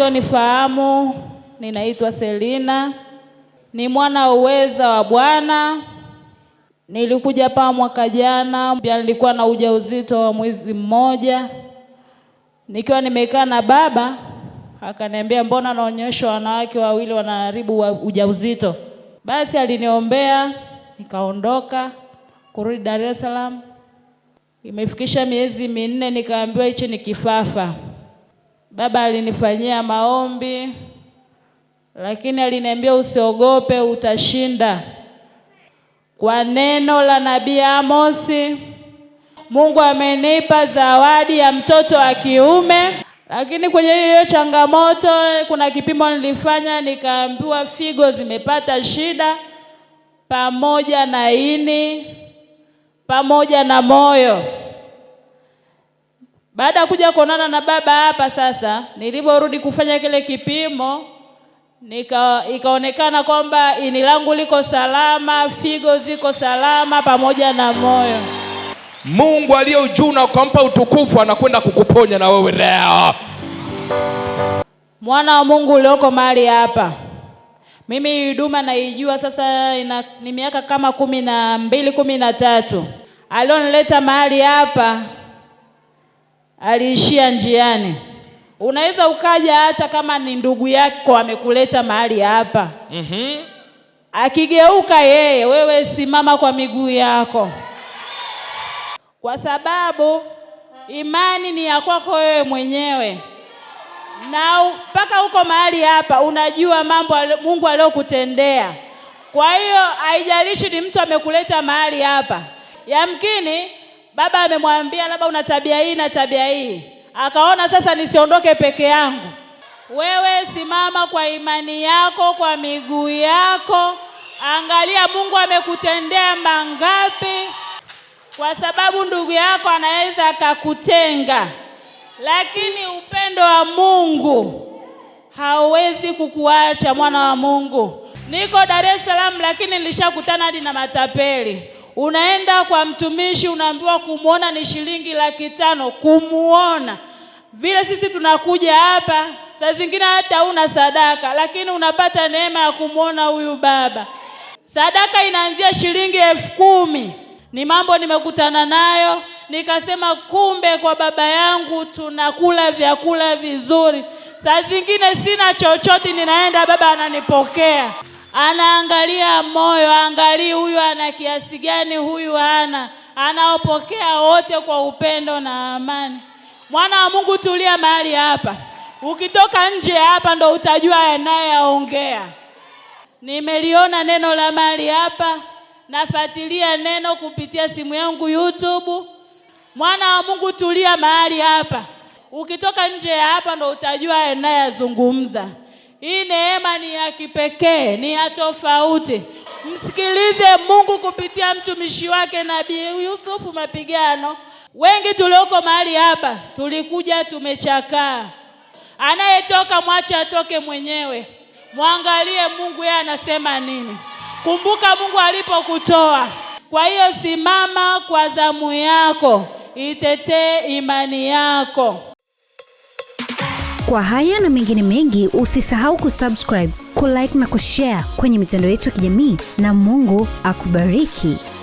wasionifahamu, ninaitwa Selina, ni mwana uweza wa Bwana. Nilikuja paa mwaka jana, pia nilikuwa na ujauzito wa mwezi mmoja. Nikiwa nimekaa na baba, akaniambia mbona naonyesha wanawake wawili wanaharibu wa ujauzito. Basi aliniombea nikaondoka kurudi Dar es Salaam, imefikisha miezi minne, nikaambiwa hichi ni kifafa. Baba alinifanyia maombi, lakini aliniambia usiogope, utashinda. Kwa neno la nabii Amosi, Mungu amenipa zawadi ya mtoto wa kiume. Lakini kwenye hiyo changamoto, kuna kipimo nilifanya, nikaambiwa figo zimepata shida pamoja na ini pamoja na moyo. Baada ya kuja kuonana na baba hapa sasa, niliporudi kufanya kile kipimo nika, ikaonekana kwamba ini langu liko salama, figo ziko salama pamoja na moyo. Mungu aliye juu na ukampa utukufu anakwenda kukuponya na wewe leo, mwana wa Mungu ulioko mahali hapa. Mimi huduma naijua sasa ina, ni miaka kama kumi na mbili kumi na tatu alionileta mahali hapa aliishia njiani. Unaweza ukaja hata kama ni ndugu yako amekuleta mahali hapa mm -hmm. Akigeuka yeye, wewe simama kwa miguu yako, kwa sababu imani ni ya kwako wewe mwenyewe, na mpaka huko mahali hapa unajua mambo Mungu aliyokutendea. Kwa hiyo haijalishi ni mtu amekuleta mahali hapa, yamkini baba amemwambia labda una tabia hii na tabia hii, akaona sasa nisiondoke peke yangu. Wewe simama kwa imani yako, kwa miguu yako, angalia Mungu amekutendea mangapi, kwa sababu ndugu yako anaweza akakutenga, lakini upendo wa Mungu hauwezi kukuacha, mwana wa Mungu. Niko Dar es Salaam, lakini nilishakutana hadi na matapeli. Unaenda kwa mtumishi unaambiwa kumwona ni shilingi laki tano. Kumwona vile sisi tunakuja hapa saa zingine hata una sadaka, lakini unapata neema ya kumwona huyu baba. Sadaka inaanzia shilingi elfu kumi. Ni mambo nimekutana nayo nikasema, kumbe kwa baba yangu tunakula vyakula vizuri. Saa zingine sina chochote, ninaenda baba ananipokea anaangalia moyo, angalii huyu ana kiasi gani, huyu hana, anaopokea wote kwa upendo na amani. Mwana wa Mungu, tulia mahali hapa, ukitoka nje hapa ndo utajua anayeongea. Nimeliona neno la mahali hapa, nafuatilia neno kupitia simu yangu YouTube. Mwana wa Mungu, tulia mahali hapa, ukitoka nje ya hapa ndo utajua anayezungumza. Hii neema ni ya kipekee, ni ya tofauti. Msikilize Mungu kupitia mtumishi wake Nabii Yusufu Mapigano. Wengi tulioko mahali hapa tulikuja tumechakaa. Anayetoka mwache atoke mwenyewe, mwangalie Mungu yeye anasema nini. Kumbuka Mungu alipokutoa. Kwa hiyo simama kwa zamu yako, itetee imani yako. Kwa haya na mengine mengi, usisahau kusubscribe, kulike na kushare kwenye mitandao yetu ya kijamii, na Mungu akubariki.